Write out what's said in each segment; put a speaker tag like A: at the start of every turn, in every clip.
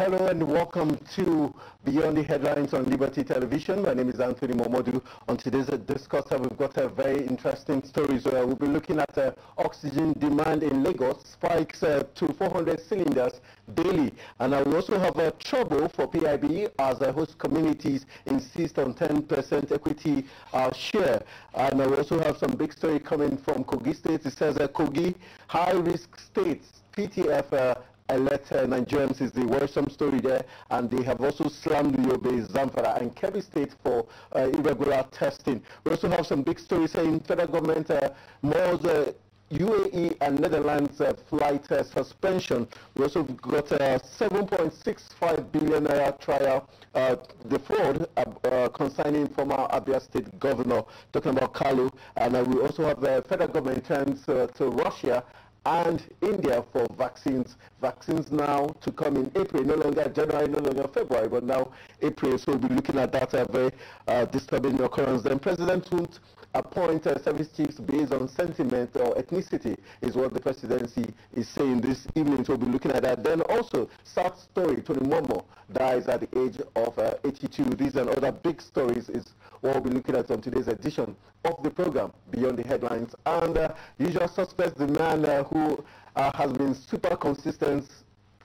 A: Hello and welcome to Beyond the Headlines on Liberty Television. My name is Anthony Momodu. On today's discussion, we've got a very interesting story. where we'll be looking at uh, oxygen demand in Lagos spikes uh, to 400 cylinders daily. And I will also have uh, trouble for PIB as uh, host communities insist on 10% equity uh, share. And I will also have some big story coming from Kogi State. It says uh, Kogi high-risk states PTF elect uh, Nigerians is the worrisome story there, and they have also slammed Yobe, Zamfara, and Kebbi State for uh, irregular testing. We also have some big stories saying federal government uh, more uh, UAE and Netherlands uh, flight uh, suspension. We also got a uh, 7.65 billion naira trial, uh, the fraud uh, concerning former Abia State Governor, talking about Kalu. And we also have the federal government terms to Russia and India for vaccines. Vaccines now to come in April, no longer January, no longer February, but now April. So we'll be looking at that a uh, very uh, disturbing occurrence. Then President Hunt appoint uh, service chiefs based on sentiment or ethnicity is what the presidency is saying this evening. So we'll be looking at that. Then also, sad story, Tony Momo dies at the age of uh, 82. These and other big stories is what we'll be looking at on today's edition of the program, Beyond the Headlines. And uh, usual suspects, the man uh, who uh, has been super consistent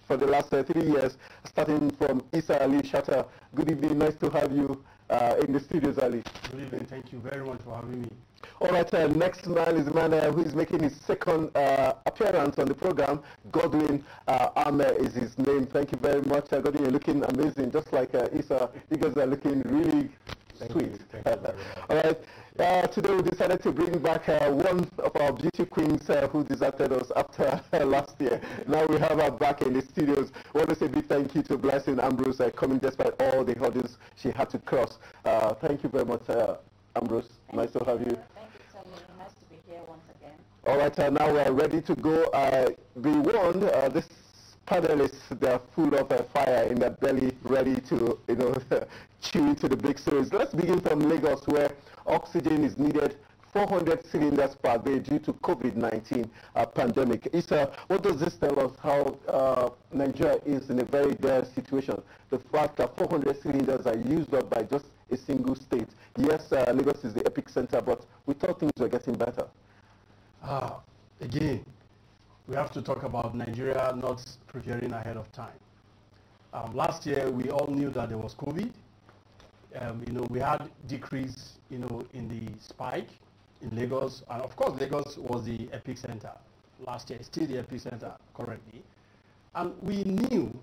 A: for the last uh, three years, starting from Isa Ali Shatter. Good evening, nice to have you uh, in the studios, Ali. Good evening. Thank you very much for having me. All right, uh, next man is a man uh, who is making his second uh, appearance on the program. Godwin uh, is his name. Thank you very much, uh, Godwin. You're looking amazing, just like uh, Isa. You guys are looking really Thank sweet. You. You All right. Uh, today we decided to bring back uh, one of our beauty queens uh, who deserted us after last year. Now we have her back in the studios. We want to say a big thank you to Blessing Ambrose uh, coming despite all the hurdles she had to cross. Uh, thank you very much, uh, Ambrose. Thank nice you. to have you. Thank you so Nice to be here once again. All right, now we are ready to go. be warned, this panelists, are full of a uh, fire in their belly, ready to, you know, chew to the big stories. Let's begin from Lagos, where oxygen is needed 400 cylinders per day due to COVID-19 uh, pandemic. Issa, what does this tell us how uh, Nigeria is in a very dire situation? The fact that 400 cylinders are used up by just a single state. Yes, uh, Lagos is the epic center, but we thought things were getting better. Ah, again, we have to talk about Nigeria not preparing ahead of time. Um, last year, we all knew that there was COVID. Um, you know, we had decrease, you know, in the spike in Lagos. And of course, Lagos was the epicenter last year, still the epicenter currently. And we knew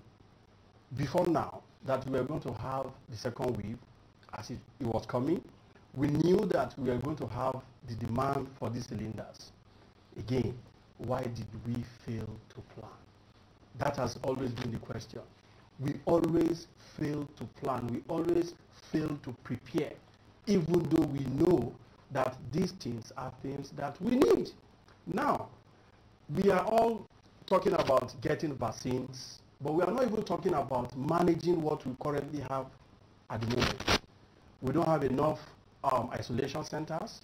A: before now that we were going to have the second wave as it, it was coming. We knew that we were going to have the demand for these cylinders again why did we fail to plan? That has always been the question. We always fail to plan. We always fail to prepare, even though we know that these things are things that we need. Now, we are all talking about getting vaccines, but we are not even talking about managing what we currently have at the moment. We don't have enough um, isolation centers.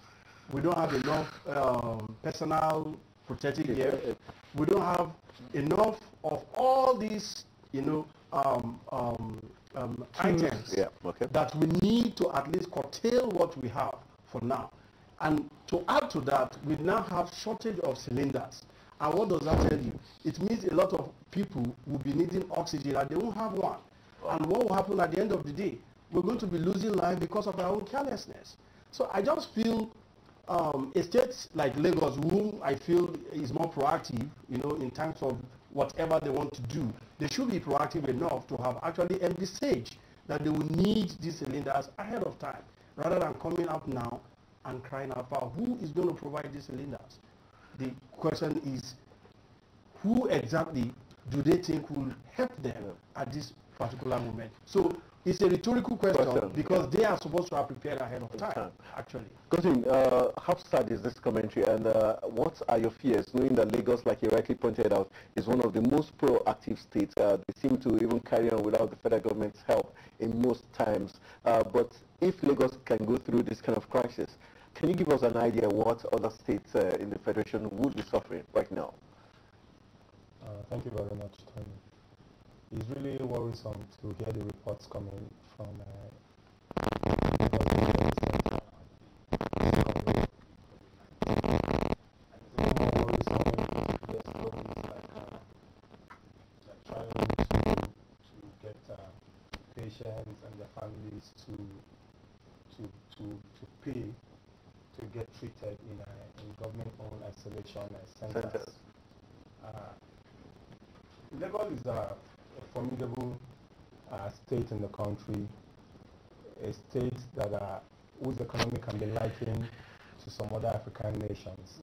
A: We don't have enough um, personal Protecting here. We don't have enough of all these, you know, um, um, um, items yeah, okay. that we need to at least curtail what we have for now. And to add to that, we now have shortage of cylinders. And what does that tell you? It means a lot of people will be needing oxygen and they won't have one. And what will happen at the end of the day? We're going to be losing life because of our own carelessness. So I just feel um, a state like Lagos, whom I feel is more proactive, you know, in terms of whatever they want to do, they should be proactive enough to have actually envisaged that they will need these cylinders ahead of time, rather than coming up now and crying out for who is going to provide these cylinders. The question is, who exactly do they think will help them at this particular moment? So it's a rhetorical question, question because yeah. they are supposed to have prepared ahead of time, actually. Cousin, uh, how sad is this commentary and uh, what are your fears, knowing that Lagos, like you rightly pointed out, is one of the most proactive states. Uh, they seem to even carry on without the federal government's help in most times. Uh, but if Lagos can go through this kind of crisis, can you give us an idea what other states uh, in the Federation would be suffering right now? Uh, thank you very much, Tony it's really worrisome to hear the reports coming from uh, patients and their families to to to to pay to get treated in, a in government-owned isolation centers. centers. Uh, Lagos is a uh, formidable uh, state in the country, a state that uh, whose economy can be likened to some other African nations.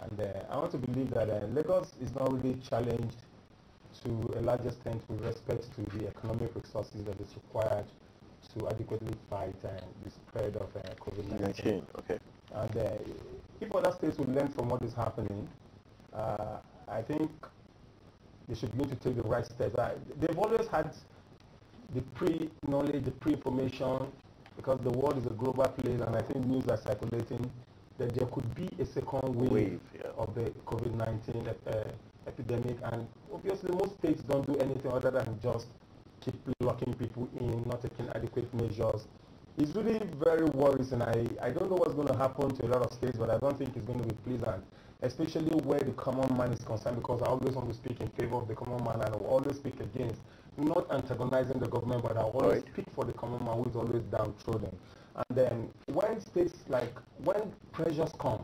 A: And uh, I want to believe that uh, Lagos is not really challenged to a large extent with respect to the economic resources that is required to adequately fight uh, the spread of uh, COVID-19. Okay. And uh, if other states will learn from what is happening, uh, I think they should be able to take the right steps. I, they've always had the pre-knowledge, the pre-information, because the world is a global place and I think news are circulating, that there could be a second wave, wave yeah. of the COVID-19 uh, epidemic. And obviously most states don't do anything other than just keep locking people in, not taking adequate measures. It's really very worrisome. I, I don't know what's going to happen to a lot of states, but I don't think it's going to be pleasant especially where the common man is concerned, because I always want to speak in favor of the common man and I will always speak against, not antagonizing the government, but I will always right. speak for the common man who is always downtrodden. And then when states like, when pressures come,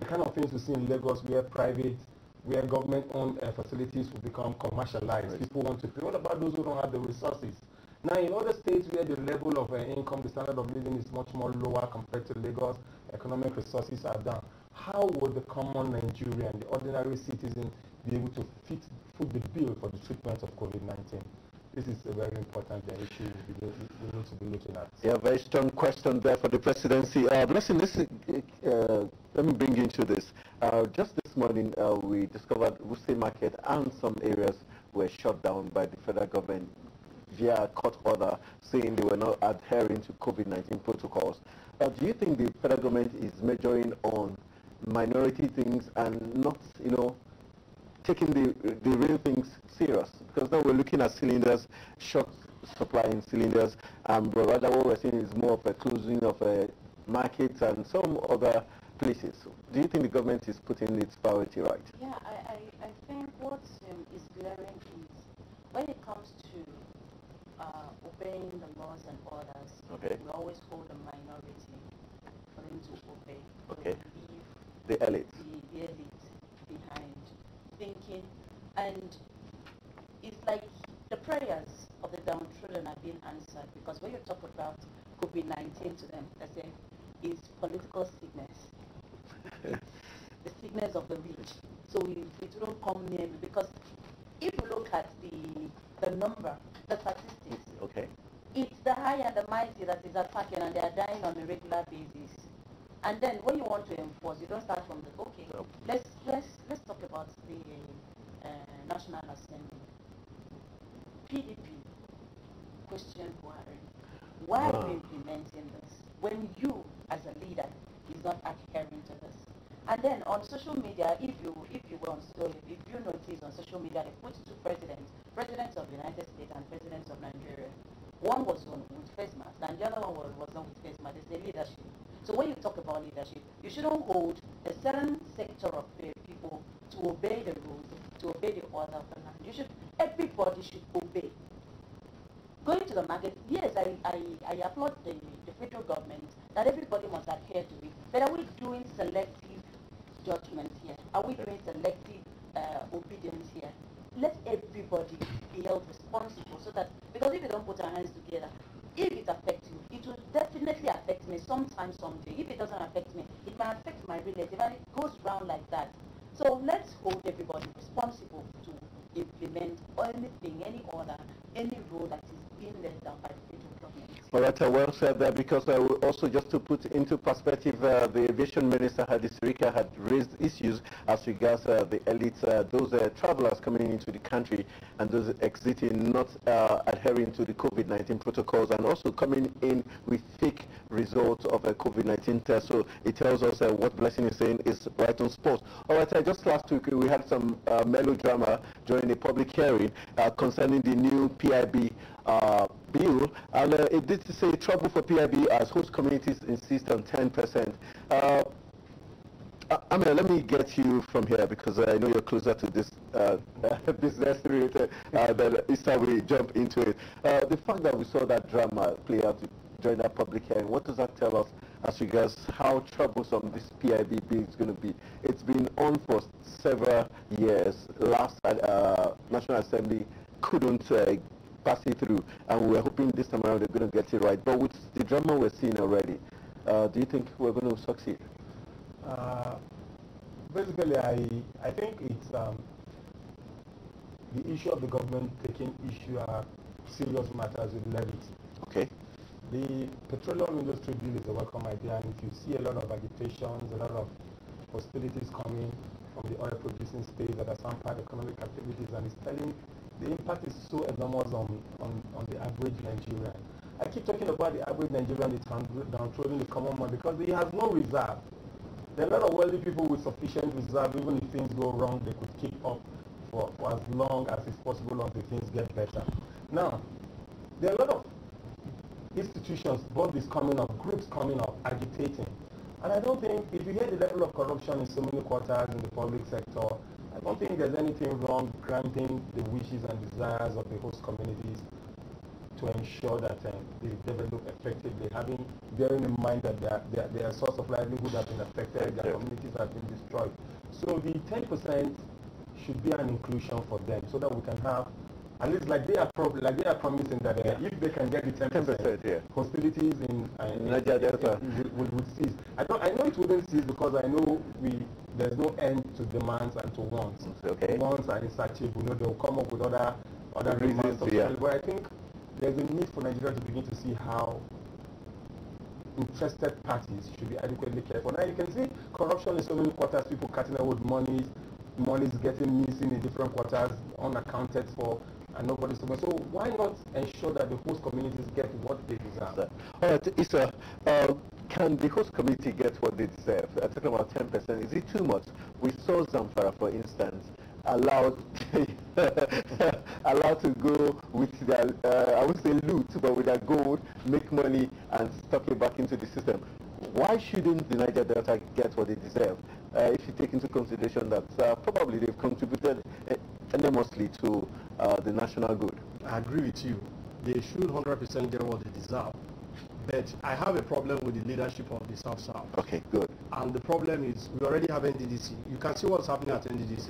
A: the kind of things we see in Lagos where private where government-owned uh, facilities will become commercialized. Right. People want to pay. What about those who don't have the resources? Now, in other states where the level of uh, income, the standard of living is much more lower compared to Lagos, economic resources are down how would the common Nigerian, the ordinary citizen, be able to fit, foot the bill for the treatment of COVID-19? This is a very important issue we need to be looking at. Yeah, very strong question there for the presidency. Uh, blessing, this, uh, let me bring you into this. Uh, just this morning, uh, we discovered Wuse Market and some areas were shut down by the federal government via court order saying they were not adhering to COVID-19 protocols. Uh, do you think the federal government is measuring on minority things and not, you know, taking the, the real things serious. Because now we're looking at cylinders, short supply in cylinders, and rather what we're seeing is more of a closing of uh, markets and some other places. Do you think the government is putting its priority right?
B: Yeah, I, I, I think what um, is glaring is when it comes to uh, obeying the laws and orders, okay. we always hold the minority for them to obey. Okay the elite. The, elite behind thinking. And it's like the prayers of the downtrodden are being answered because when you talk about COVID 19 to them, they say it's political sickness, the sickness of the rich. So it will not come near because if you look at the, the number, the statistics, okay. it's the high and the mighty that is attacking and they are dying on a regular basis. And then when you want to enforce, you don't start from the okay. Let's let's let's talk about the uh, National Assembly. PDP question Why, Why are you ah. implementing this when you, as a leader, is not adhering to this? And then on social media, if you if you were on story, if you notice on social media, they put two presidents, presidents of the United States and presidents of Nigeria. One was on with face mask, and the other one was, was on with face mask. It's a leadership. So when you talk about leadership, you shouldn't hold a certain sector of people to obey the rules, to obey the order. of the land. You should, everybody should obey. Going to the market, yes, I, I, I applaud the, the federal government that everybody must adhere to it. But are we doing selective judgments here? Are we doing selective uh, obedience here? Let everybody be held responsible so that, because if we don't put our hands together, if it affects you, it will definitely affect me sometime, someday. If it doesn't affect me, it might affect my relative and it goes round like that. So let's hold everybody responsible to implement anything, any order, any rule that is being
A: All right, I well said that because I will also just to put into perspective, uh, the aviation minister this week had raised issues as regards uh, the elites, uh, those uh, travelers coming into the country and those exiting not uh, adhering to the COVID-19 protocols and also coming in with fake results of a COVID-19 test. So it tells us uh, what Blessing is saying is right on spot. All right, just last week we had some melodrama during a public hearing concerning the new PIB uh, bill, and uh, it did say trouble for PIB as host communities insist on 10%. I mean, let me get you from here because I know you're closer to this uh, business related uh, we jump into it. Uh, the fact that we saw that drama play out during that public hearing, what does that tell us as regards how troublesome this PIB bill is going to be? It's been on for several years. Last uh, uh National Assembly couldn't pass it through. And we are hoping this time around they're going to get it right. But with the drama we're seeing already, uh, do you think we're going to succeed? Uh, basically, I, I think it's um, the issue of the government taking issue uh, serious matters with levity. Okay. The petroleum industry bill is a welcome idea, and if you see a lot of agitations, a lot of hostilities coming from the oil producing states that are some part economic activities, and it's telling the impact is so enormous on, on, on the average Nigerian. I keep talking about the average Nigerian is downtrodden the common man because he has no reserve. There are a lot of wealthy people with sufficient reserve. Even if things go wrong, they could keep up for, for as long as is possible until things get better. Now, there are a lot of institutions, bodies coming up, groups coming up, agitating. And I don't think, if you hear the level of corruption in so many quarters in the public sector, I don't think there's anything wrong granting the wishes and desires of the host communities to ensure that uh, they develop effectively, having bearing in mind that their, their, their source of livelihood has been affected, their yeah. communities have been destroyed. So the 10% should be an inclusion for them so that we can have at least like they are like they are promising that uh, yeah. if they can get the ten percent, yeah. hostilities in, uh, in Niger Delta would, would cease. I don't I know it wouldn't cease because I know we there's no end to demands and to wants. Okay. Wants are insatiable. You know they'll come up with other other reasons. Yeah. But I think there's a need for Nigeria to begin to see how interested parties should be adequately careful. Now you can see corruption in so many quarters, people cutting out with monies, monies getting missing in different quarters, unaccounted for and nobody's doing. So why not ensure that the host communities get what they deserve? All right, Issa, uh, can the host community get what they deserve? I'm talking about 10%. Is it too much? We saw Zamfara, for instance, allowed allowed to go with their, uh, I would say loot, but with their gold, make money, and stuff it back into the system. Why shouldn't the Niger Delta get what they deserve? uh, if you take into consideration that uh, probably they've contributed uh, enormously to uh, the national good. I agree with you. They should 100% get what they deserve. But I have a problem with the leadership of the South South. Okay, good. And the problem is we already have NDDC. You can see what's happening at NDDC.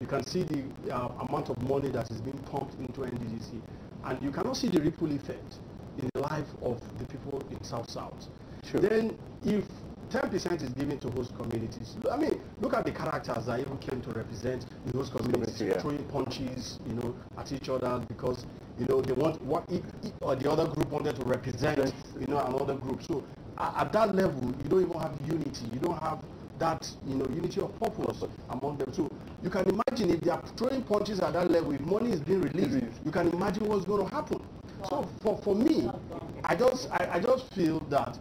A: You can see the uh, amount of money that is being pumped into NDDC. And you cannot see the ripple effect in the life of the people in South South. Sure. Then if 10% is given to host communities. I mean, look at the characters that even came to represent the host communities, yeah. throwing punches, you know, at each other because, you know, they want what or the other group wanted to represent, you know, another group. So at, at that level, you don't even have unity. You don't have that, you know, unity of purpose among them. So you can imagine if they are throwing punches at that level, if money is being released, you can imagine what's going to happen. So for, for me, I just I, I just feel that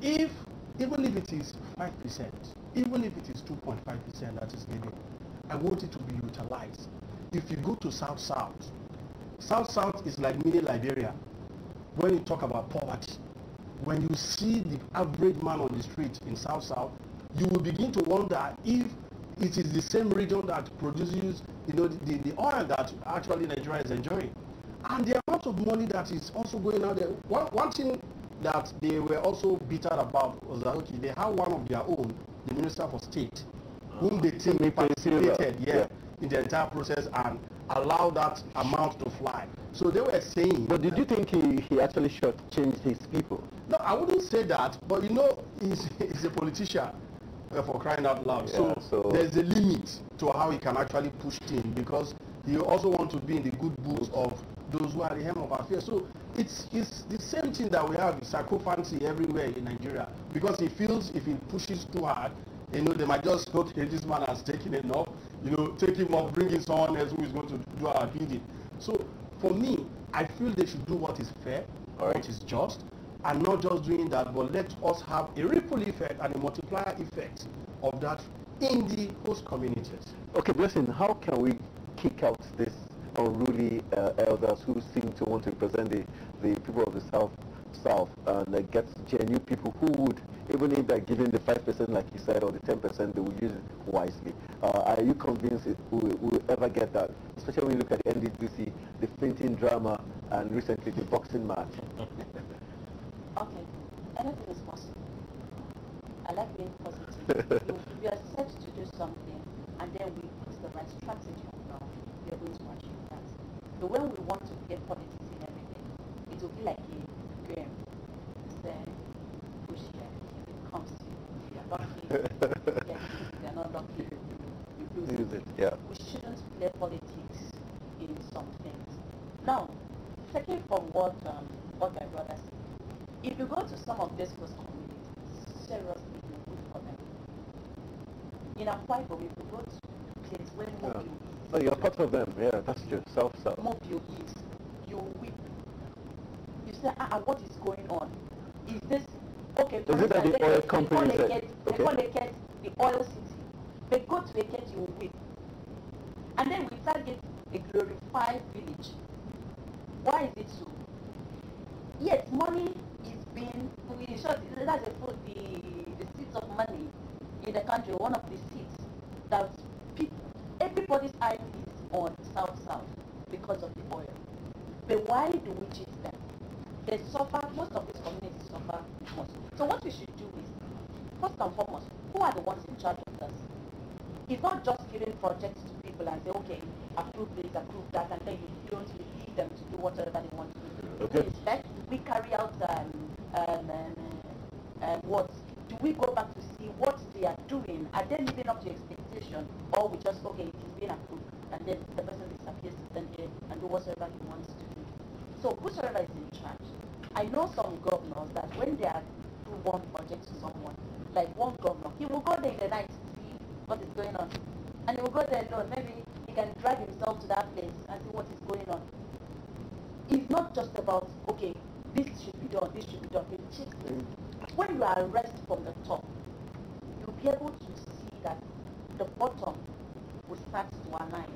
A: if even if it is 5%, even if it is 2.5% that is given, I want it to be utilized. If you go to South South, South South is like mini Liberia when you talk about poverty. When you see the average man on the street in South South, you will begin to wonder if it is the same region that produces you know, the, the oil that actually Nigeria is enjoying. And the amount of money that is also going out there. One, one thing that they were also bitter about was that okay, they had one of their own, the Minister for State, whom they think participated yeah, yeah, in the entire process and allowed that amount to fly. So they were saying. But did you think he, he actually shortchanged his people? No, I wouldn't say that. But you know, he's, he's a politician uh, for crying out loud. Yeah, so, so, there's a limit to how he can actually push things because you also want to be in the good books of those who are the hem of our fear. So it's, it's the same thing that we have in psychophancy everywhere in Nigeria because he feels if he pushes too hard, you know, they might just, okay, this man has taken enough, you know, take him off, bring in someone else who is going to do our bidding. So for me, I feel they should do what is fair, right. what is just, and not just doing that, but let us have a ripple effect and a multiplier effect of that in the host communities. Okay, Blessing, how can we kick out this unruly uh, elders who seem to want to represent the, the people of the South South and uh, get genuine people who would, even if they're given the 5% like you said or the 10%, they will use it wisely. Uh, are you convinced we will we'll ever get that? Especially when you look at the NDC, the fainting drama, and recently the boxing match.
B: okay, anything is possible. I like being positive. we are set to do something, and then we put the right strategy be able to achieve that. But when we want to get politics in everything, it will be like a game. Then push here. It comes to you. If you're lucky, if you're not lucky, you lose, lose it. it. Yeah. We shouldn't play politics in some things. Now, second from what um, what my brother said, if you go to some of these host communities, seriously, you vote for them. In a Ibom, if you go to places where yeah.
A: No, you're part of them. Yeah, that's true. Self, self. Mob you is,
B: you weep. You say, ah, ah what is going on? Is this okay? Is it that the oil company before they, get, before get the oil city, they go to a get you weep, and then we target a glorified village. Why is it so? Yes, money is being in short. That's the, the the seats of money in the country. One of the seats that everybody's eye is on South South because of the oil. But why do we cheat them? They suffer, most of these communities suffer most. So what we should do is, first and foremost, who are the ones in charge of this? It's not just giving projects to people and say, okay, approve this, approve that, and then you don't leave them to do whatever they want to do. Okay. We inspect, we carry out um, um, um, uh, what, do we go back to see what they are doing? Are they living up to expectation? Or we just, okay, he has been approved, and then the person disappears to and do whatever he wants to do. So whosoever is in charge. I know some governors that when they are do one project to someone, like one governor, he will go there in the night to see what is going on. And he will go there alone. Maybe he can drag himself to that place and see what is going on. It's not just about, okay, this should be done, this should be done. It mm. When you are arrested from the top, you'll be able to see that the bottom will start to align.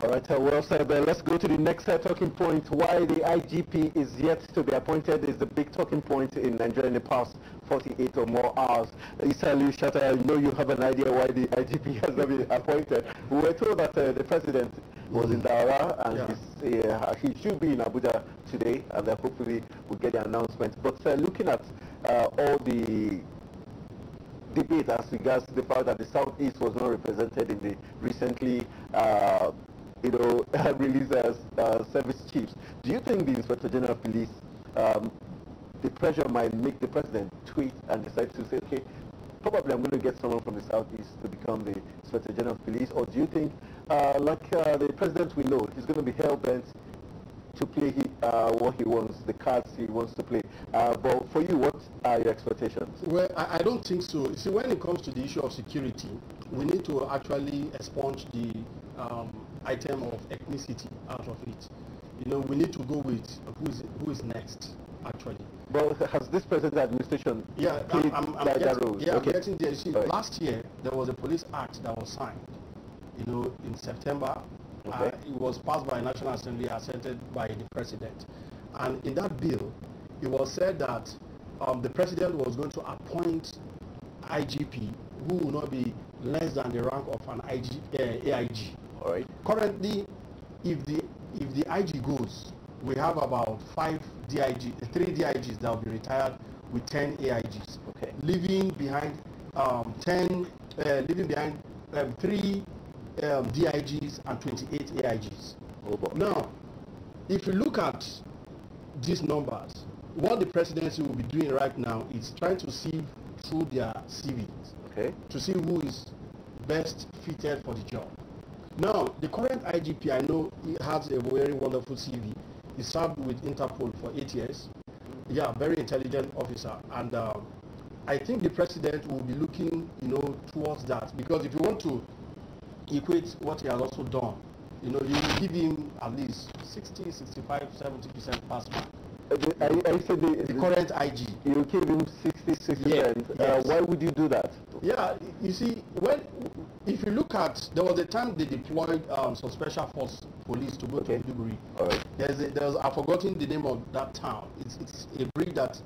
A: All right, uh, well said. Uh, let's go to the next uh, talking point. Why the IGP is yet to be appointed is the big talking point in Nigeria in the past 48 or more hours. Uh, Isalu Shatta, I know you have an idea why the IGP has not been appointed. We were told that uh, the president was in Dara and yeah. Uh, he should be in Abuja today, and hopefully we'll get the announcement. But looking at all the debate as regards the fact that the Southeast was not represented in the recently uh, you know, released uh, uh, service chiefs. Do you think the Inspector General of Police, um, the pressure might make the president tweet and decide to say, okay, probably I'm going to get someone from the Southeast to become the Inspector General of Police, or do you think, uh, like uh, the president we know, he's going to be hell-bent to play uh, what he wants, the cards he wants to play. Uh, but for you, what are your expectations? Well, I, I don't think so. See, when it comes to the issue of security, we need to actually expunge the um, item of ethnicity out of it. You know, we need to go with who is, who is next, actually. Well, has this present administration yeah, played I'm, I'm, I'm getting, Yeah, okay. I'm getting there. see, Sorry. last year, there was a police act that was signed, you know, in September Okay. Uh, it was passed by National Assembly, assented by the President. And in that bill, it was said that um, the President was going to appoint IGP who will not be less than the rank of an IG, uh, eh, AIG. All right. Currently, if the, if the IG goes, we have about five DIG, three DIGs that will be retired with 10 AIGs, okay. leaving behind um, 10, uh, leaving behind um, three um, DIGs and 28 AIGs. Oh, now, if you look at these numbers, what the presidency will be doing right now is trying to see through their CVs okay. to see who is best fitted for the job. Now, the current IGP, I know he has a very wonderful CV. He served with Interpol for eight years. Yeah, very intelligent officer. And um, I think the president will be looking, you know, towards that. Because if you want to equate what he has also done. You know, you will give him at least 60, 65, 70 percent pass mark. I, I said the, the, the, current IG. You give him 60, 60 yeah, percent. Uh, yes. Uh, why would you do that? Yeah, you see, when if you look at there was a time they deployed um, some special force police to go okay. to Maiduguri. All right. There's, a, there's I've forgotten the name of that town. It's, it's a bridge that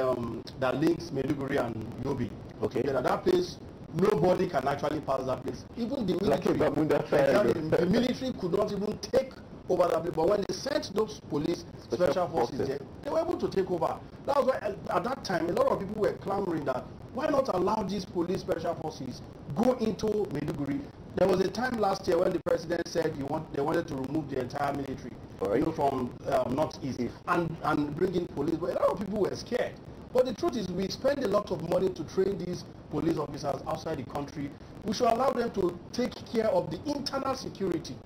A: um, that links Maiduguri and Yobi. Okay. Together. That place nobody can actually pass that place. Even the military, like the military could not even take over that place. But when they sent those police special, special forces, forces. There, they were able to take over. That was why at that time a lot of people were clamoring that why not allow these police special forces go into Maiduguri? There was a time last year when the president said want, they wanted to remove the entire military right. you know, from um, easy and and bring in police, but a lot of people were scared. But the truth is, we spend a lot of money to train these police officers outside the country. We should allow them to take care of the internal security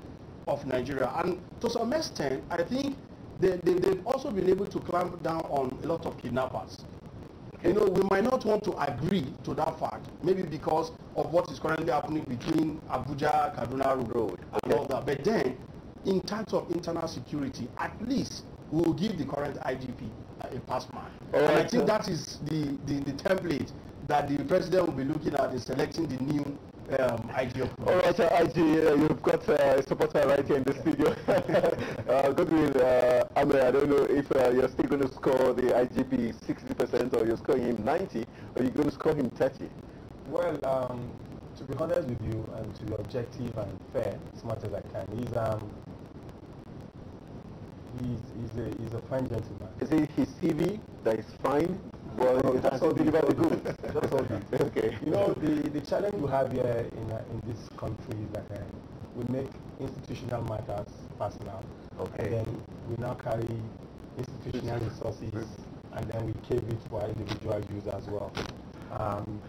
A: of Nigeria. And to some extent, I think they, they, they've also been able to clamp down on a lot of kidnappers. You know, we might not want to agree to that fact, maybe because of what is currently happening between Abuja, Kaduna Road, and okay. all that. But then, in terms of internal security, at least we will give the current IGP uh, a pass mark. Right, and I think so. that is the, the, the template that the president will be looking at in selecting the new um, IG. All right, uh, IG, uh, you've got uh, a supporter right here in the studio. uh, Goodwin, uh, I, mean, I don't know if uh, you're still going to score the IGP 60% or you're scoring him 90 or you're going to score him 30. Well, um, to be honest with you and to be objective and fair as much as I can, he's um, he's, he's, a, he's a fine gentleman. Is it his CV that is fine? Well, that's something about the good. That's something. okay. You know, the, the challenge we have here in, uh, in this country is that uh, we make institutional matters personal. Okay. And then we now carry institutional resources and then we cave it for individual use as well. Um,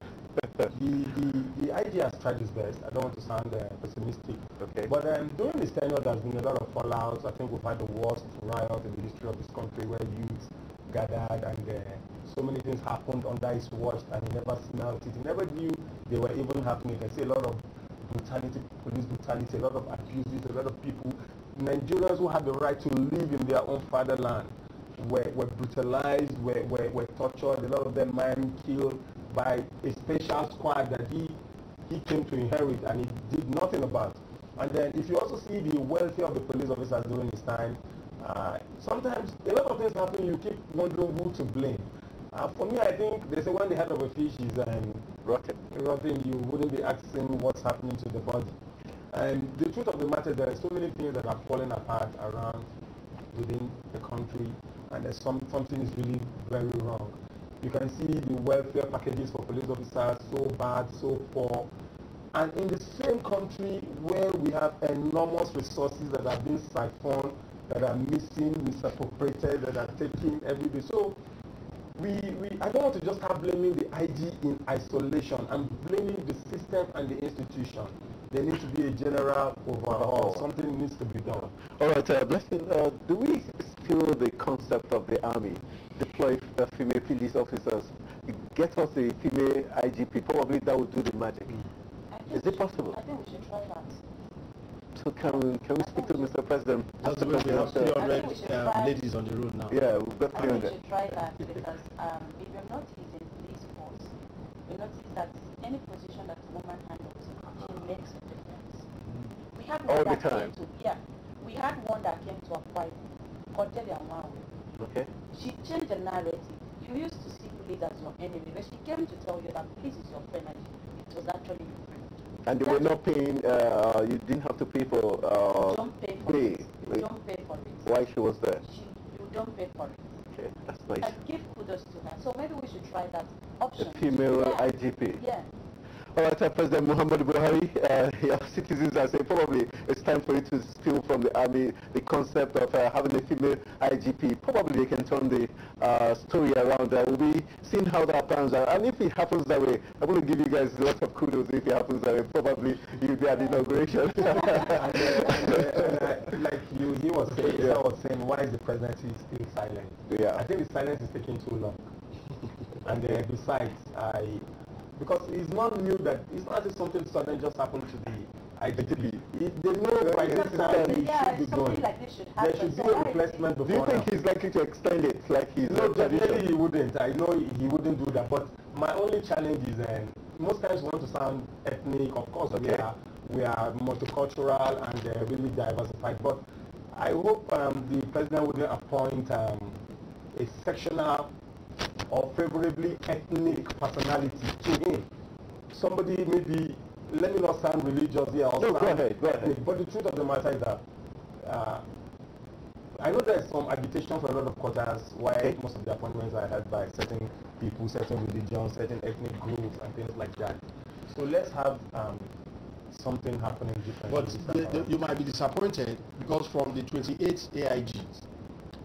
A: the, the, the idea has tried its best. I don't want to sound uh, pessimistic. Okay. But um, during this tenure, there's been a lot of fallout. I think we've had the worst riot in the history of this country where youth gathered and uh, so many things happened under his watch and he never smelled it. He never knew they were even happening. You can see a lot of brutality, police brutality, a lot of abuses, a lot of people. Nigerians who had the right to live in their own fatherland were, were brutalized, were, were, were tortured, a lot of them men killed by a special squad that he, he came to inherit and he did nothing about. And then if you also see the welfare of the police officers during his time, uh, sometimes a lot of things happen, you keep wondering who to blame. Uh, for me, I think they say when the head of a fish is um, rotten, rotten, you wouldn't be asking what's happening to the body. And the truth of the matter there are so many things that are falling apart around within the country, and there's some, something is really very wrong. You can see the welfare packages for police officers so bad, so poor. And in the same country where we have enormous resources that are being siphoned, that are missing, misappropriated, that are taking every day. So we, we, I don't want to just start blaming the IG in isolation. I'm blaming the system and the institution. There needs to be a general overhaul. Oh. Something needs to be done. All right, uh, Blessing, uh, do we still the concept of the army? Deploy uh, female police officers. Get us a female IGP. Probably that would do the magic. Mm. Is it possible?
B: I think we should try that.
A: So can we, can we speak to Mr. President? Just we have 300 um, ladies on the road now. Yeah, we've got 300. I think try
B: that because um, if you're not using police force, you notice that any position that a woman handles, she makes a difference. Mm. We had one All the time. to, yeah, we had one that came to apply, Cordelia Nwawe. Okay. She changed the narrative. You used to see police as your enemy, but she came to tell you that police is your friend, and it was actually your
A: and they were not paying, uh, you didn't have to pay for, uh, don't pay for You don't
B: pay for it.
A: Why she was there? She,
B: you don't pay for it.
A: Okay, that's nice. And
B: give kudos to her. So maybe we should try that option. The female yeah. IGP. Yeah.
A: All right, President Muhammad Buhari, uh, your citizens are saying probably it's time for you to steal from the army the concept of uh, having a female IGP. Probably they can turn the uh, story around. Uh, we'll be seeing how that pans out. And if it happens that way, I'm going to give you guys lots of kudos if it happens that way. Probably you'll be at the inauguration. and, and, like you, he was saying, yeah. I was saying, why is the president still silent? Yeah. I think the silence is taking too long. and uh, besides, I because it's not new that it's not something sudden just happened to be believe. They know by this time yeah, should be done.
B: Like this should There should be a
A: replacement Do you think now. he's likely to extend it like he's No, definitely he wouldn't. I know he wouldn't do that. But my only challenge is uh, most times we want to sound ethnic. Of course, okay. we, are, we are multicultural and uh, really diversified. But I hope um, the president wouldn't appoint um, a sectional or favorably ethnic personality to him. Somebody maybe, let me not sound religious here. No, go ahead, go ahead. But the truth of the matter is that uh, I know there's some agitation for a lot of quarters why okay. most of the appointments are held by certain people, certain religions, certain ethnic groups, and things like that. So let's have um, something happening differently. But the, the, you might be disappointed because from the 28 AIGs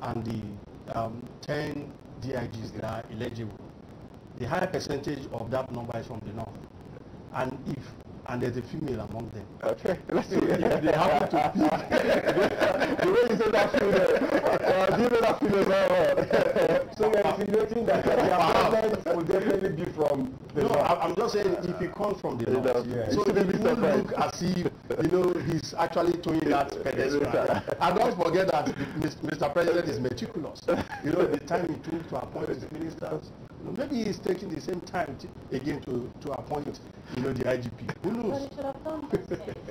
A: and the um, 10 DIGs that are eligible. The high percentage of that number is from the north. And if and there's a female among them. Okay, let's see. Yeah, they happen to pick. the way you say that female, uh, do you know that female so you're insinuating that the preference will definitely be from the No, north. I'm just saying if he comes from the north, yeah. so it will look as if, you know, he's actually towing that pedestrian. and don't forget that Mr. President is meticulous. You know, the time he took to appoint his ministers, maybe he's taking the same time again to, to appoint, you know, the IGP. Who lose.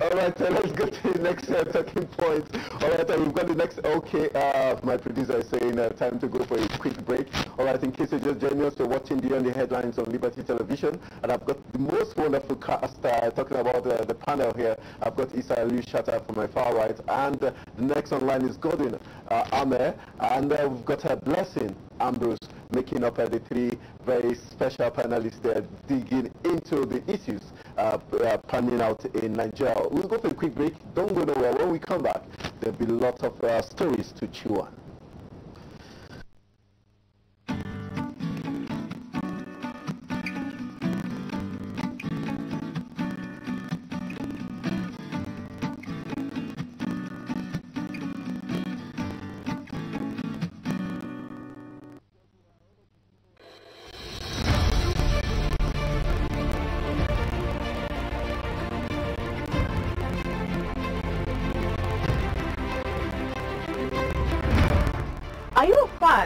A: Alright, so let's go to
B: the next uh, talking point.
A: Alright, uh, we've got the next, okay, uh, my producer is saying uh, time to go for a quick break. Alright, in case you're just joining us, you're watching on the Headlines on Liberty Television, and I've got the most wonderful cast uh, talking about uh, the panel here. I've got Isa Liu Shatter from my far right, and the next online is Godwin uh, Ameh, and uh, we've got a blessing. Ambrose making up at the three very special panelists there digging into the issues uh, uh, panning out in Nigeria. We'll go for a quick break. Don't go nowhere. When we come back, there'll be lots of uh, stories to chew on.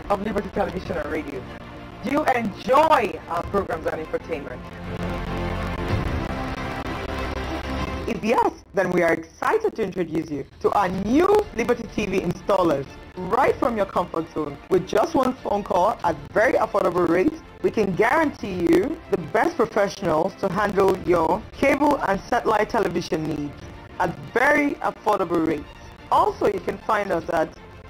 B: fan of Liberty Television and Radio. Do you enjoy our programs and entertainment? If yes, then we are excited to introduce you to our new Liberty TV installers right from your comfort zone. With just one phone call at very affordable rates, we can guarantee you the best professionals to handle your cable and satellite television needs at very affordable rates. Also, you can find us at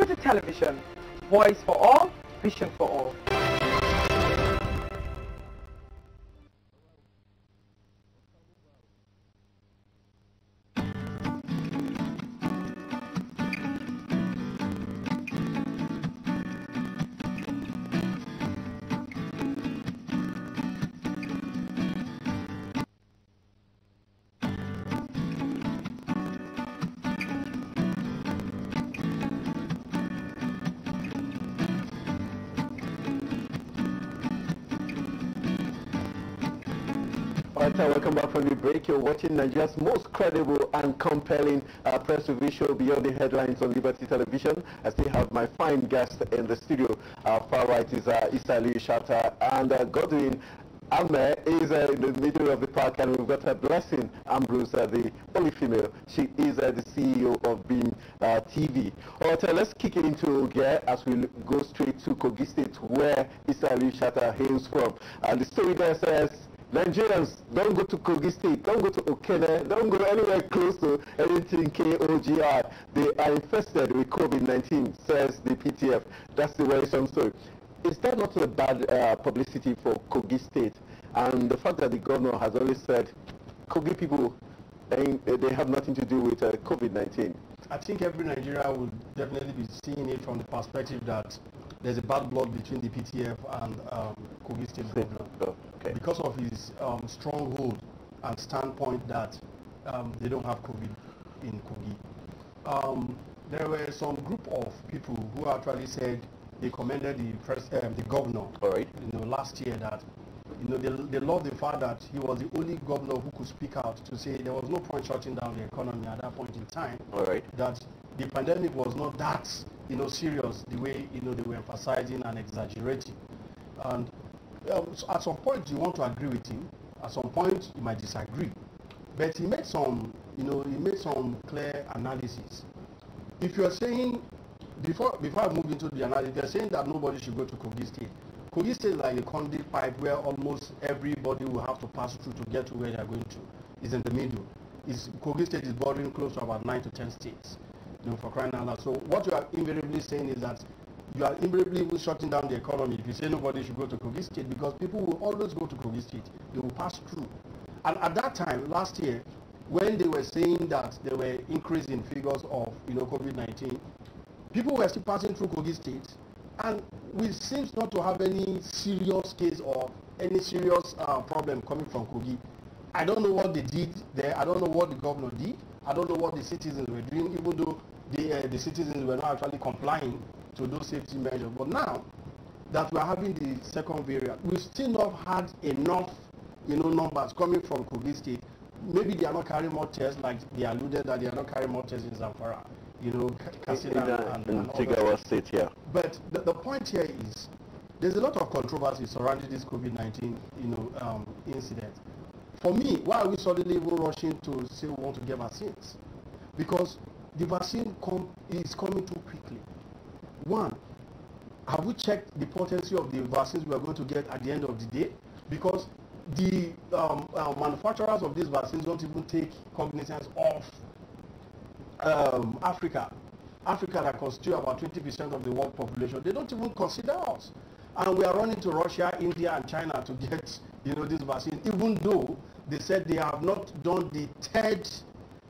B: Liberty Television, voice for all, vision for all.
A: and welcome back from the break. You're watching Nigeria's most credible and compelling uh, press review show beyond the headlines on Liberty Television. I still have my fine guest in the studio. Uh, far right is uh, Isali Shata and uh, Godwin Amme is uh, in the middle of the park and we've got a blessing Ambrose, uh, the only female. She is uh, the CEO of Beam uh, TV. All right, uh, let's kick it into gear as we go straight to Kogi State where Isali Shata hails from. And the story there says Nigerians, don't go to Kogi State, don't go to Okene, don't go anywhere close to anything KOGR. They are infested with COVID-19, says the PTF. That's the way worrisome story. Is that not a bad uh, publicity for Kogi State? And the fact that the governor has always said, Kogi people, they have nothing to do with uh, COVID-19. I think every Nigerian would definitely be seeing it from the perspective that there's a bad blood between the PTF and um, Kogi State governor okay. because of his um, stronghold and standpoint that um, they don't have COVID in Kogi. Um, there were some group of people who actually said they commended the pres- um, the governor you know, last year that you know, they, they loved the fact that he was the only governor who could speak out to say there was no point shutting down the economy at that point in time. All right. That the pandemic was not that you know, serious the way, you know, they were emphasizing and exaggerating. And um, so at some point, you want to agree with him. At some point, you might disagree. But he made some, you know, he made some clear analysis. If you're saying, before, before I move into the analysis, they are saying that nobody should go to Kogi State. Kogi State is like a conduit pipe where almost everybody will have to pass through to get to where they're going to. It's in the middle. It's, Kogi State is bordering close to about 9 to 10 states for crying out loud. So what you are invariably saying is that you are invariably shutting down the economy if you say nobody should go to Kogi State because people will always go to Kogi State. They will pass through. And at that time, last year, when they were saying that there were increase in figures of you know COVID-19, people were still passing through Kogi State, and we seems not to have any serious case or any serious uh, problem coming from Kogi. I don't know what they did there. I don't know what the governor did. I don't know what the citizens were doing, even though the, uh, the citizens were not actually complying to those safety measures. But now that we're having the second variant, we still not had enough you know, numbers coming from Kogi State. Maybe they are not carrying more tests, like they alluded that they are not carrying more tests in Zamfara, you know, Katsina uh, and, and, and State, yeah. But the, the point here is there's a lot of controversy surrounding this COVID-19, you know, um, incident for me, why are we suddenly even rushing to say we want to get vaccines? Because the vaccine com is coming too quickly. One, have we checked the potency of the vaccines we are going to get at the end of the day? Because the um, uh, manufacturers of these vaccines don't even take cognizance of um, Africa. Africa that constitutes about 20% of the world population. They don't even consider us. And we are running to Russia, India, and China to get you know, this vaccine, even though they said they have not done the third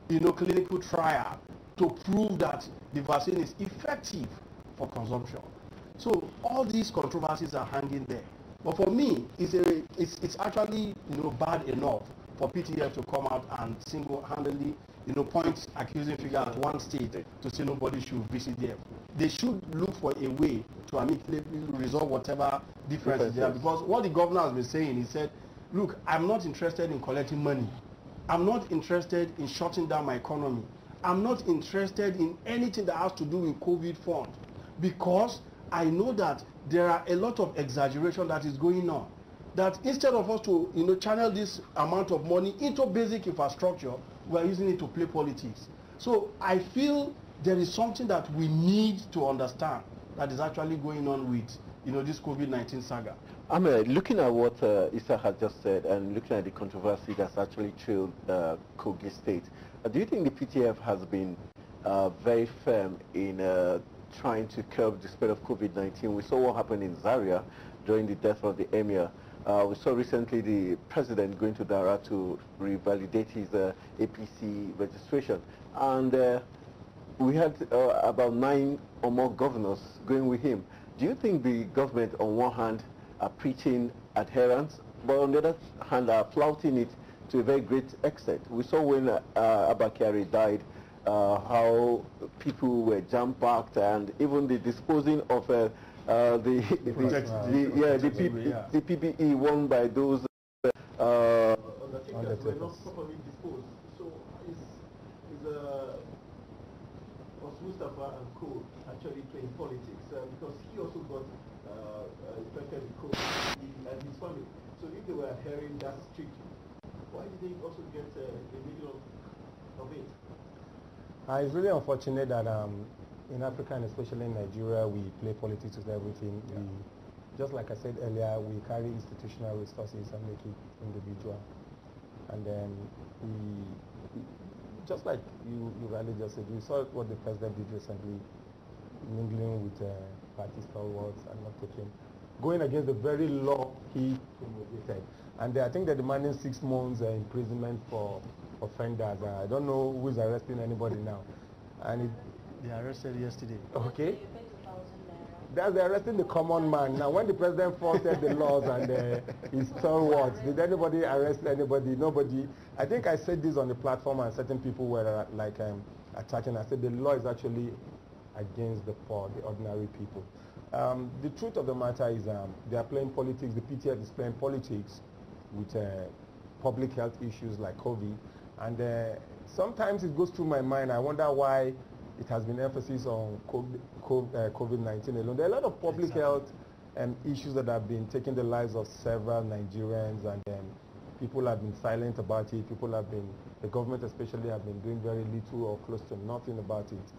A: you know, clinical trial to prove that the vaccine is effective for consumption. So all these controversies are hanging there. But for me, it's, a, it's, it's actually you know, bad enough for PTF to come out and single-handedly you know, point accusing figure at one state to say nobody should visit there. They should look for a way to amicably resolve whatever differences there because what the governor has been saying, he said look, I'm not interested in collecting money. I'm not interested in shutting down my economy. I'm not interested in anything that has to do with COVID fund because I know that there are a lot of exaggeration that is going on. That instead of us to you know, channel this amount of money into basic infrastructure, we are using it to play politics. So I feel there is something that we need to understand that is actually going on with you know, this COVID-19 saga. Ahmed, uh, looking at what uh, Issa has just said and looking at the controversy that's actually trailed uh, Kogi State, uh, do you think the PTF has been uh, very firm in uh, trying to curb the spread of COVID-19? We saw what happened in Zaria during the death of the emir. Uh, we saw recently the president going to Dara to revalidate his APC registration. And we had about nine or more governors going with him. Do you think the government, on one hand, are preaching adherence, but on the other hand are uh, flouting it to a very great extent. We saw when uh, uh Abakari died uh, how people were jump packed and even the disposing of uh, uh, the, the, the, yeah, the, PB, the PBE won by those uh, undertakers were So is, is uh, Mustafa and Co actually playing politics because he also got uh, uh, infected and his family. So if they were adhering that street, why did they also get uh, the middle of, of it? Uh, it's really unfortunate that um, in Africa and especially in Nigeria, we play politics with everything. Yeah. We, just like I said earlier, we carry institutional resources and make it individual. And then we, just like you, you rightly just said, we saw what the president did recently mingling with uh, partisan words and not touching, going against the very law he promulgated. And uh, I think they're demanding six months uh, imprisonment for offenders. Uh, I don't know who's arresting anybody now. And it, they arrested yesterday. Okay. That's they're arresting the common man. Now, when the president forced the laws and uh, his stern words, did anybody arrest anybody? Nobody. I think I said this on the platform, and certain people were uh, like um, attacking. I said the law is actually against the poor, the ordinary people. Um, the truth of the matter is um, they are playing politics, the PTF is playing politics with uh, public health issues like COVID. And uh, sometimes it goes through my mind, I wonder why it has been emphasis on uh, COVID-19 alone. There are a lot of public exactly. health um, issues that have been taking the lives of several Nigerians and um, people have been silent about it. People have been, the government especially have been doing very little or close to nothing about it.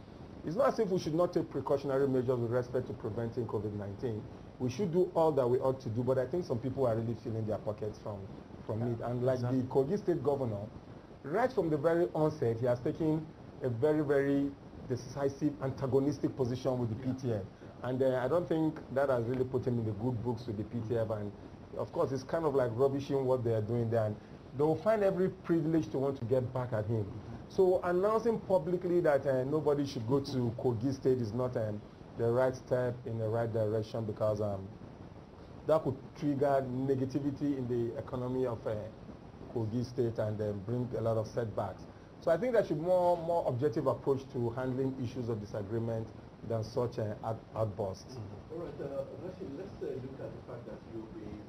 A: It's not as if we should not take precautionary measures with respect to preventing COVID-19. We should do all that we ought to do, but I think some people are really feeling their pockets from, from yeah, it. And like exactly. the Kogi State governor, right from the very onset, he has taken a very, very decisive, antagonistic position with the PTF. Yeah. And uh, I don't think that has really put him in the good books with the PTF. And of course, it's kind of like rubbishing what they are doing there. And they will find every privilege to want to get back at him. So announcing publicly that uh, nobody should go to Kogi State is not um, the right step in the right direction because um, that could trigger negativity in the economy of uh, Kogi State and uh, bring a lot of setbacks. So I think there should be more, more objective approach to handling issues of disagreement than such uh, an outburst. Mm -hmm. All right, uh, Rashid, let's uh, look at the fact that you'll be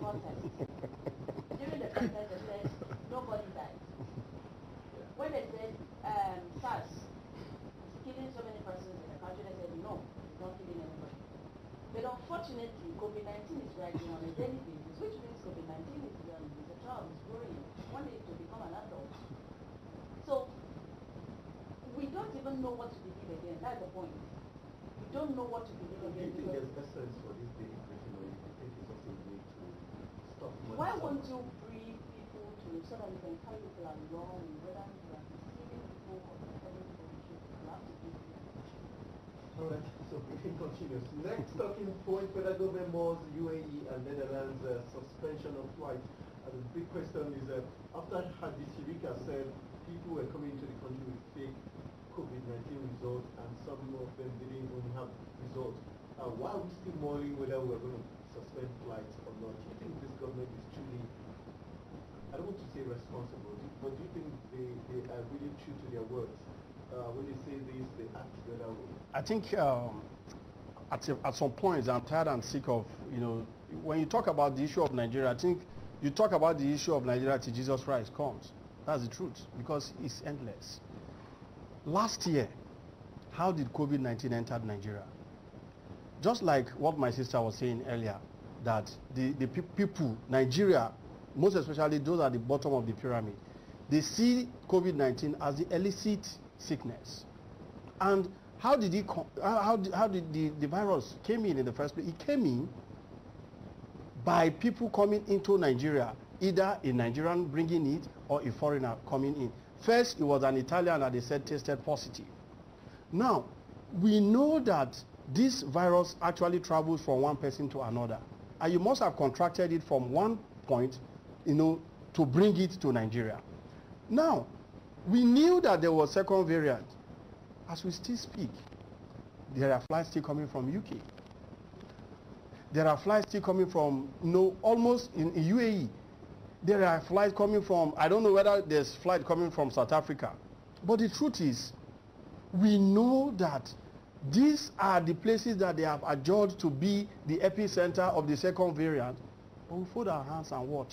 B: conference, during the conference they said nobody died. When they said um, SARS is killing so many persons in the country, they said no, it's not killing anybody. But unfortunately, COVID-19 is rising on a daily basis, which means COVID-19 is want to bring people to so that you can tell people along, whether you are receiving people or preparing for the trip, you have to
A: Alright, so briefing continues. Next talking point, whether governments, UAE and Netherlands uh, suspension of flights. And the big question is, uh, after Hadi Sirika said people were coming to the country with fake COVID-19 results and some of them didn't even have results, uh, why are we still mulling whether we're going to suspend flights or not? Do you think this government is I don't want to say responsible, but do you think they, they are really true to their words? Uh, when they say this, they act the other way. I think um, at, at some points I'm tired and sick of, you know, when you talk about the issue of Nigeria, I think you talk about the issue of Nigeria till Jesus Christ comes. That's the truth because it's endless. Last year, how did COVID-19 enter Nigeria? Just like what my sister was saying earlier, that the, the pe people, Nigeria most especially those at the bottom of the pyramid, they see COVID-19 as the illicit sickness. And how did, it how how did the, the virus came in in the first place? It came in by people coming into Nigeria, either a Nigerian bringing it or a foreigner coming in. First, it was an Italian that they said tested positive. Now, we know that this virus actually travels from one person to another. And you must have contracted it from one point you know, to bring it to Nigeria. Now, we knew that there was second variant. As we still speak, there are flights still coming from UK. There are flights still coming from, you know, almost in, in UAE. There are flights coming from, I don't know whether there's flight coming from South Africa. But the truth is, we know that these are the places that they have adjudged to be the epicenter of the second variant. But we fold our hands and watch.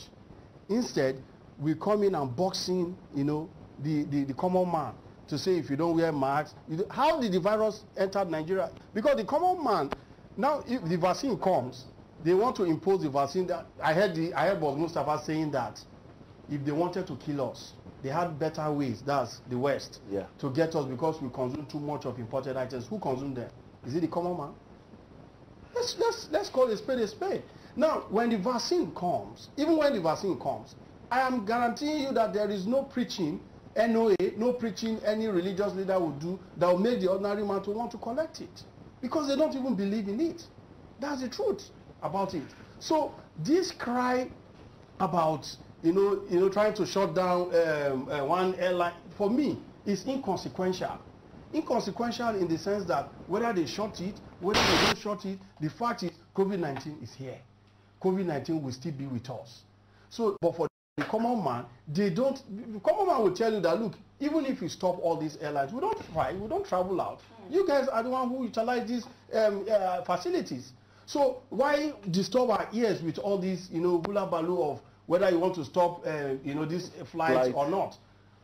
A: Instead, we come in and boxing, you know, the, the, the common man to say if you don't wear masks, how did the virus enter Nigeria? Because the common man, now if the vaccine comes, they want to impose the vaccine. That, I heard the I heard Bob Mustafa saying that if they wanted to kill us, they had better ways. That's the West yeah. to get us because we consume too much of imported items. Who consume them? Is it the common man? Let's let's let's call a spade a spade. Now, when the vaccine comes, even when the vaccine comes, I am guaranteeing you that there is no preaching, NOA, no preaching any religious leader will do that will make the ordinary man to want to collect it. Because they don't even believe in it. That's the truth about it. So this cry about, you know, you know trying to shut down um, uh, one airline, for me, is inconsequential. Inconsequential in the sense that whether they shut it, whether they don't shut it, the fact is COVID-19 is here. COVID-19 will still be with us. So, but for the common man, they don't, the common man will tell you that, look, even if you stop all these airlines, we don't fly, we don't travel out. Mm. You guys are the one who utilize these um, uh, facilities. So why disturb our ears with all these, you know, hula baloo of whether you want to stop, uh, you know, these flights Flight. or not?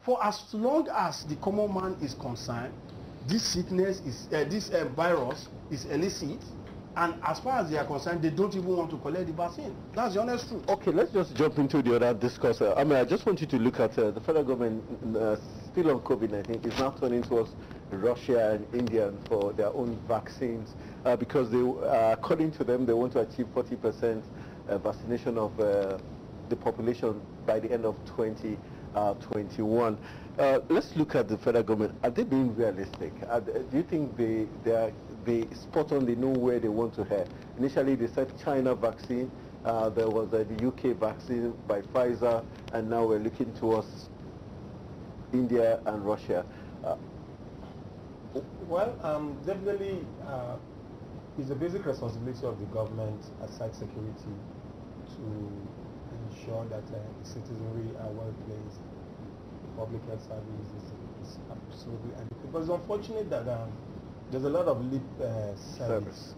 A: For as long as the common man is concerned, this sickness is, uh, this uh, virus is illicit. And as far as they are concerned, they don't even want to collect the vaccine. That's the honest truth. Okay, let's just jump into the other discourse. Uh, I mean, I just want you to look at uh, the federal government mm, uh, still on COVID-19 is now turning towards Russia and India for their own vaccines uh, because they, uh, according to them, they want to achieve 40% uh, vaccination of the population by the end of 2021. let's look at the federal government. Are they being realistic? They, do you think they, they are they spot on, they know where they want to head. Initially, they said China vaccine. Uh, there was uh, the UK vaccine by Pfizer, and now we're looking towards India and Russia. Uh, well, um, definitely uh, it's a basic responsibility of the government aside security to ensure that uh, the citizenry are well placed, the public health service is, is absolutely adequate. But it's unfortunate that um, there's a lot of lip uh, service. service.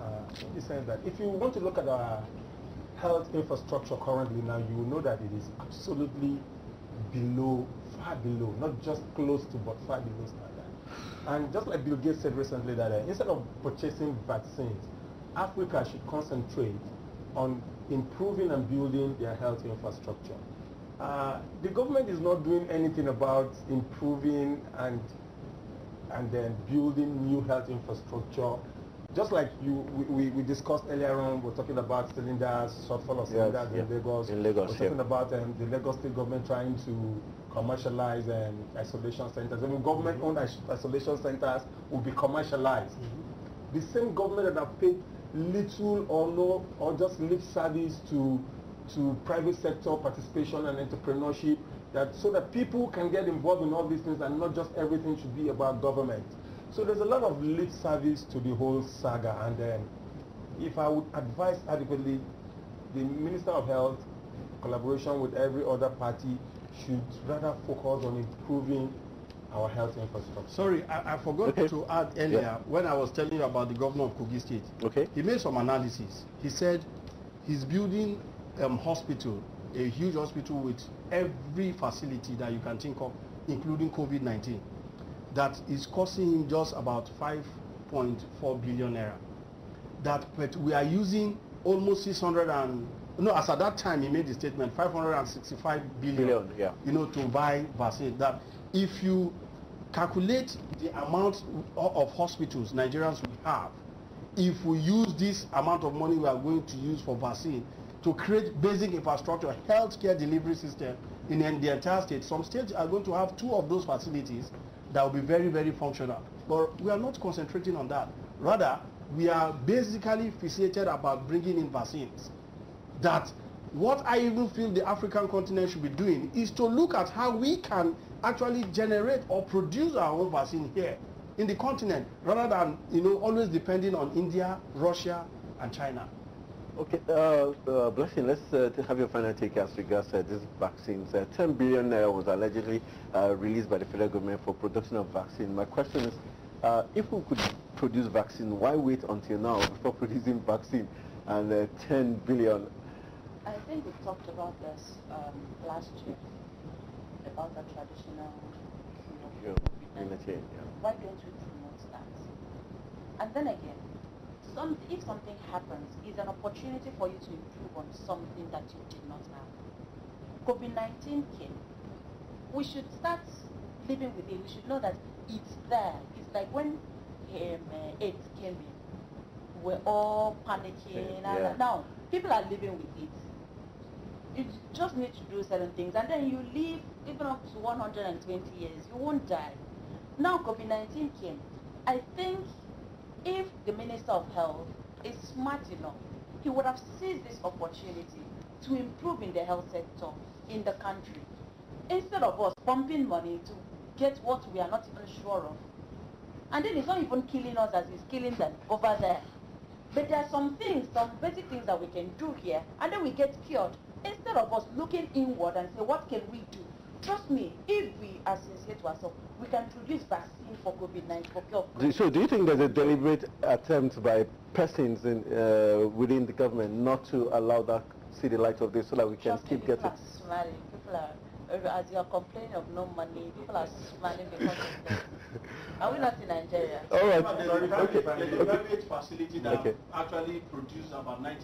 A: Uh, in the sense that if you want to look at our health infrastructure currently now, you will know that it is absolutely below, far below, not just close to, but far below standard. And just like Bill Gates said recently that uh, instead of purchasing vaccines, Africa should concentrate on improving and building their health infrastructure. Uh, the government is not doing anything about improving and and then building new health infrastructure. Just like you, we, we discussed earlier on, we're talking about cylinders, shortfall of cylinders yes, in, yeah. Lagos. in Lagos. We're talking yeah. about um, the Lagos state government trying to commercialize um, isolation centers. I mean, government-owned mm-hmm. isolation centers will be commercialized. Mm -hmm. The same government that have paid little or no, or just lip service to to private sector participation and entrepreneurship that so that people can get involved in all these things and not just everything should be about government. So there's a lot of lip service to the whole saga and then, if I would advise adequately, the Minister of Health, collaboration with every other party, should rather focus on improving our health infrastructure. Sorry, I, I forgot okay. to add earlier yeah. when I was telling you about the governor of Kogi State. Okay. He made some analysis. He said he's building a um, hospital, a huge hospital with every facility that you can think of, including COVID-19, that is costing him just about 5.4 billion naira. That but we are using almost 600 and no, as at that time he made the statement 565 billion, billion yeah. you know, to buy vaccine. That if you calculate the amount of hospitals Nigerians we have, if we use this amount of money we are going to use for vaccine, to create basic infrastructure, healthcare delivery system in, the entire state. Some states are going to have two of those facilities that will be very, very functional. But we are not concentrating on that. Rather, we are basically fixated about bringing in vaccines. That what I even feel the African continent should be doing is to look at how we can actually generate or produce our own vaccine here in the continent rather than you know always depending on India, Russia and China. Okay, uh, uh, Blessing, let's uh, have your final take as regards uh, these vaccines. Uh, 10 billion was allegedly uh, released by the federal government for production of vaccine. My question is, uh, if we could produce vaccine, why wait until now before producing vaccine and 10 billion?
B: I think we talked about this um, last year, about the traditional
A: you know, yeah.
B: Why don't we promote that? And then again, some, if something happens, it's an opportunity for you to improve on something that you did not have. COVID-19 came. We should start living with it. We should know that it's there. It's like when um, AIDS came in, we're all panicking. Yeah. And now, people are living with it. You just need to do certain things. And then you live even up to 120 years. You won't die. Now COVID-19 came. I think if the Minister of Health is smart enough, he would have seized this opportunity to improve in the health sector in the country. Instead of us pumping money to get what we are not even sure of. And then it's not even killing us as it's killing them over there. But there are some things, some basic things that we can do here, and then we get cured. Instead of us looking inward and say, what can we do? Trust me, if we are sincere to ourselves, we can produce vaccine for COVID-19.
A: so do you think there's a deliberate attempt by persons in, uh, within the government not to allow that see the light of this so that we Trust can keep getting... People are
B: smiling. People are, uh, as you are complaining of no money, people are smiling because of Are we not in Nigeria? All
A: right. There's okay. a private, okay. facility that okay. actually produced about 90%.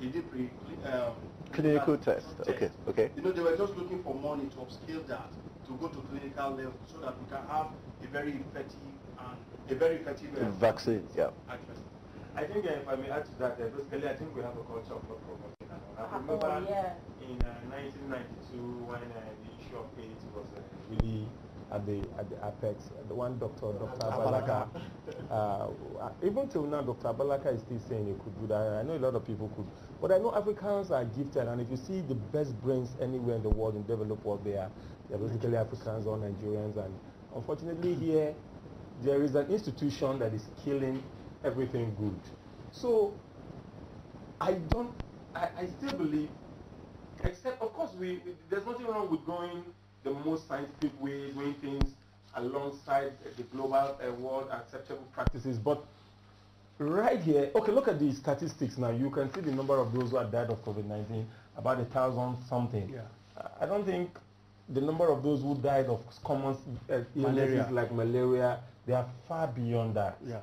A: They pre, um, clinical test. test. Okay, okay. You know, they were just looking for money to upscale that to go to clinical level so that we can have a very effective and a very effective uh, vaccine. Yeah. Actually, I think uh, if I may add to that, uh, basically I think we have a culture of not promoting. I ah, remember oh, yeah. in 1992 uh, when uh, the issue of AIDS was uh, really at the at the apex the one doctor dr abalaka uh, uh, even till now dr abalaka is still saying he could do that i know a lot of people could but i know africans are gifted and if you see the best brains anywhere in the world in developed world they are they're basically africans or nigerians and unfortunately here there is an institution that is killing everything good so i don't i, I still believe except of course we, we there's nothing wrong with going the most scientific way doing things alongside the global uh, world acceptable practices. But right here, okay, look at these statistics now. You can see the number of those who have died of COVID-19, about a thousand something. Yeah. I don't think the number of those who died of common uh, illnesses like malaria, they are far beyond that. Yeah.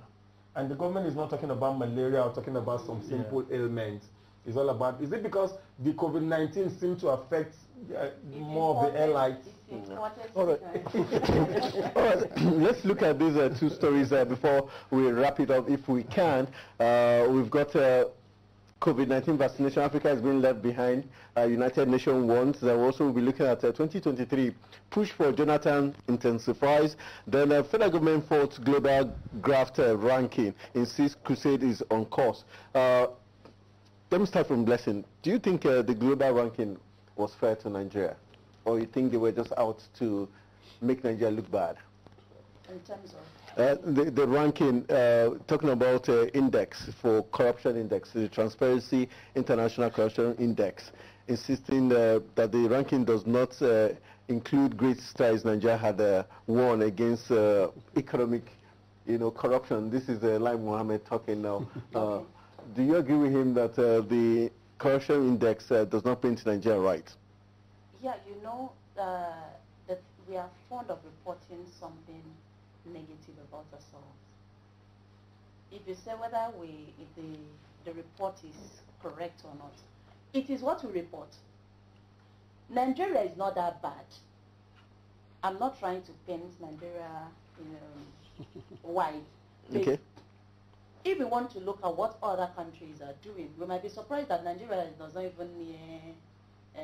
A: And the government is not talking about malaria or talking about some simple yeah. ailments is all about. Is it because the COVID-19 seemed to affect uh, more of the airlines? All right. all right. Let's look at these uh, two stories uh, before we wrap it up, if we can. Uh, we've got uh, COVID-19 vaccination. Africa is being left behind. Uh, United Nations wants. Uh, also, we'll be looking at 2023 push for Jonathan intensifies. Then, uh, federal government fought global graft ranking. Insists crusade is on course. Let me start from Blessing. Do you think uh, the global ranking was fair to Nigeria? Or you think they were just out to make Nigeria look bad? In terms of? Uh, the, the, ranking, uh, talking about uh, index for corruption index, the Transparency International Corruption Index, insisting uh, that the ranking does not uh, include great strides Nigeria had won against economic you know, corruption. This is uh, Lai Mohammed talking now. Uh, do you agree with him that uh, the corruption index uh, does not paint Nigeria right?
B: Yeah, you know uh, that we are fond of reporting something negative about ourselves. If you say whether we, if the, the report is correct or not, it is what we report. Nigeria is not that bad. I'm not trying to paint Nigeria you um, know, white. Okay if we want to look at what other countries are doing, we might be surprised that Nigeria does not even near.
A: Uh,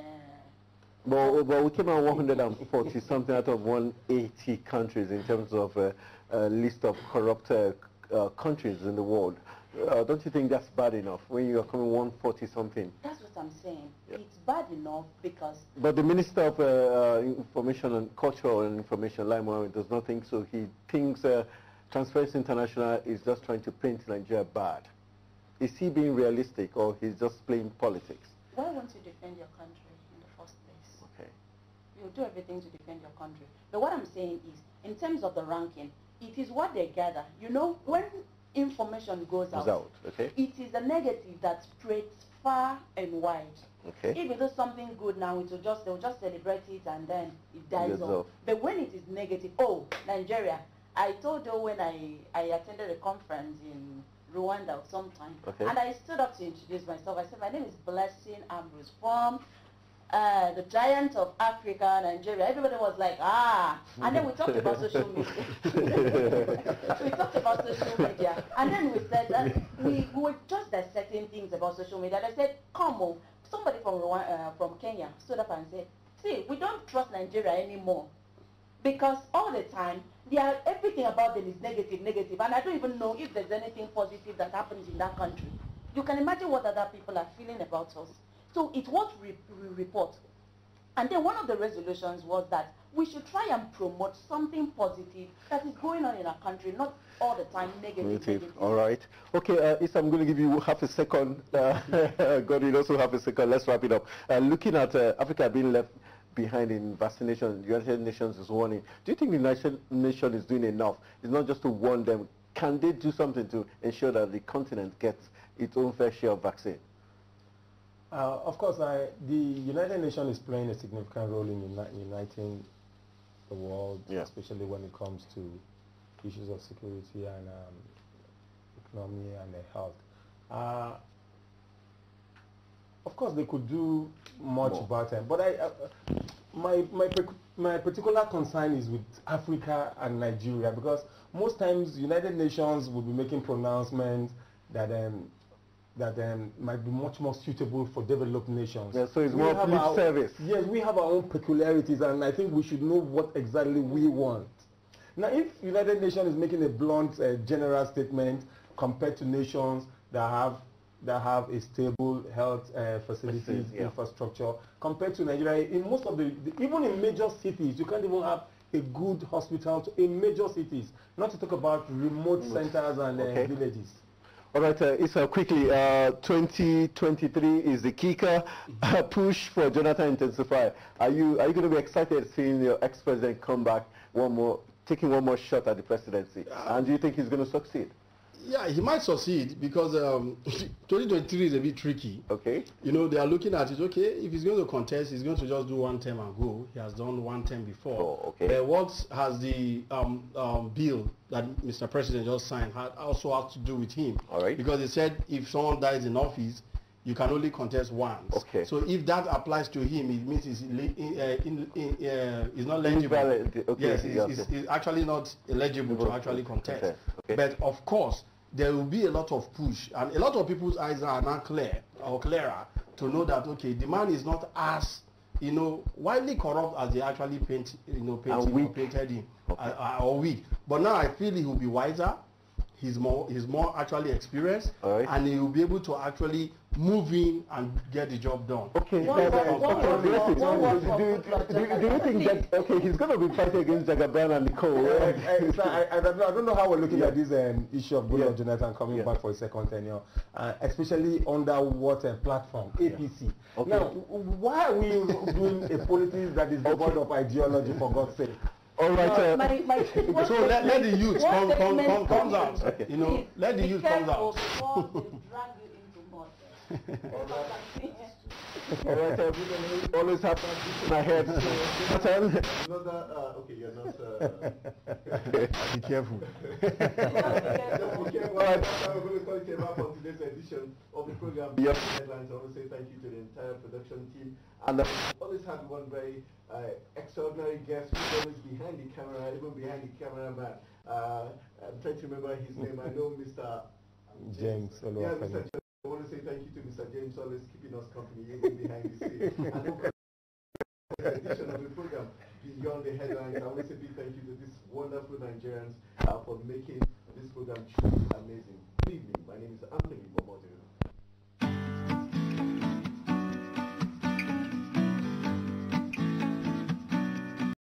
A: well, well, we came out 140 something out of 180 countries in terms of uh, uh, list of corrupt uh, uh, countries in the world. Uh, don't you think that's bad enough when you are coming 140 something?
B: That's what I'm saying. Yeah. It's bad enough because.
A: But the Minister of uh, Information and cultural and Information, Lai Mohammed, does not think so. He thinks Transparency International is just trying to paint Nigeria bad. Is he being realistic or he's just playing politics?
B: Why won't you defend your country in the first place? Okay. You'll do everything to defend your country. But what I'm saying is, in terms of the ranking, it is what they gather. You know, when information goes out, out okay. it is a negative that spreads far and wide. Okay. If it is something good now, it will just they'll just celebrate it and then it dies off. off. But when it is negative, oh, Nigeria, I told her when I, I attended a conference in Rwanda sometime, okay. and I stood up to introduce myself. I said, my name is Blessing Ambrose from uh, the giant of Africa, Nigeria. Everybody was like, ah. And then we talked about social media. we talked about social media. And then we said, and we, we were just dissecting things about social media. And I said, come on. Somebody from, Rwanda, uh, from Kenya stood up and said, see, we don't trust Nigeria anymore because all the time are, everything about them is negative, negative, and I don't even know if there's anything positive that happens in that country. You can imagine what other people are feeling about us. So it's what we, we report. And then one of the resolutions was that we should try and promote something positive that is going on in our country, not all the time negative. negative. negative. All
A: right. Okay, uh, Issa, I'm going to give you half a second. Uh, God, you also have a second. Let's wrap it up. Uh, looking at uh, Africa being left behind in vaccination, The United Nations is warning. Do you think the United Nations is doing enough? It's not just to warn them. Can they do something to ensure that the continent gets its own fair share of vaccine? Uh, of course, I, the United Nations is playing a significant role in uni uniting the world, yeah. especially when it comes to issues of security and um, economy and health. Uh, of course, they could do much More. better, but I, uh, uh my my my particular concern is with Africa and Nigeria because most times United Nations will be making pronouncements that um, that um, might be much more suitable for developed nations. Yeah, so it's we more our, service. Yes, we have our own peculiarities, and I think we should know what exactly we want. Now, if United Nations is making a blunt, uh, general statement compared to nations that have that have a stable health uh, facilities, yeah. infrastructure, compared to Nigeria. In most of the, the, even in major cities, you can't even have a good hospital to, in major cities, not to talk about remote mm. centers and uh, villages. All right, uh, Issa, quickly, uh, 2023 is the kicker. Mm. Push for Jonathan intensify. Are you are you going to be excited seeing your ex-president come back one more, taking one more shot at the presidency? And do you think he's going to succeed? Yeah, he might succeed because um, 2023 is a bit tricky. Okay. You know, they are looking at it, okay, if he's going to contest, he's going to just do one term and go. He has done one term before. Oh, okay. But what has the um, um, bill that Mr. President just signed had also has to do with him? All right. Because he said if someone dies in office, you can only contest once. Okay. So if that applies to him, it means he's, in, uh, in, in, uh, he's not eligible. Okay. Yes, he's, he's, he's, actually not eligible to actually contest. Okay. But of course, there will be a lot of push and a lot of people's eyes are now clear or clearer to know that okay the man is not as you know widely corrupt as they actually paint you know painted or painted him okay. Uh, uh, or weak but now i feel he will be wiser he's more he's more actually experienced right. and he will be able to actually move in and get the job done. Okay, do, you, think that okay he's going to be fighting against Jagaban and Nicole? Uh, I, I, don't know, I don't know how we're looking yeah. at this um, issue of Bruno yeah. Jonathan coming yeah. back for a second tenure, uh, especially under what uh, platform APC. Okay. Now, why are we doing a politics that is devoid okay. of ideology for God's sake? All right. Uh, my, my so let, let the youth come, come, come, comes out. Okay. You know, let the youth comes out.
B: Alright, so everything always happens in my head. So, you know that, uh, okay, you're not. Uh, be careful. Alright, we're going to call it a today's edition of the program. Yep. Headlines.
A: I want to say thank you to the entire production team. And uh, always had one very uh, extraordinary guest who's always behind the camera, even behind the cameraman. Uh, I'm trying to remember his name. I know Mr. James Oluwafemi. Yeah, I want to say thank you to Mr. James always keeping us company even behind the scenes. and the addition of the program beyond the headlines. I want to say big thank you to these wonderful Nigerians uh, for making this program truly amazing. Good evening. My name is Anthony Momodu.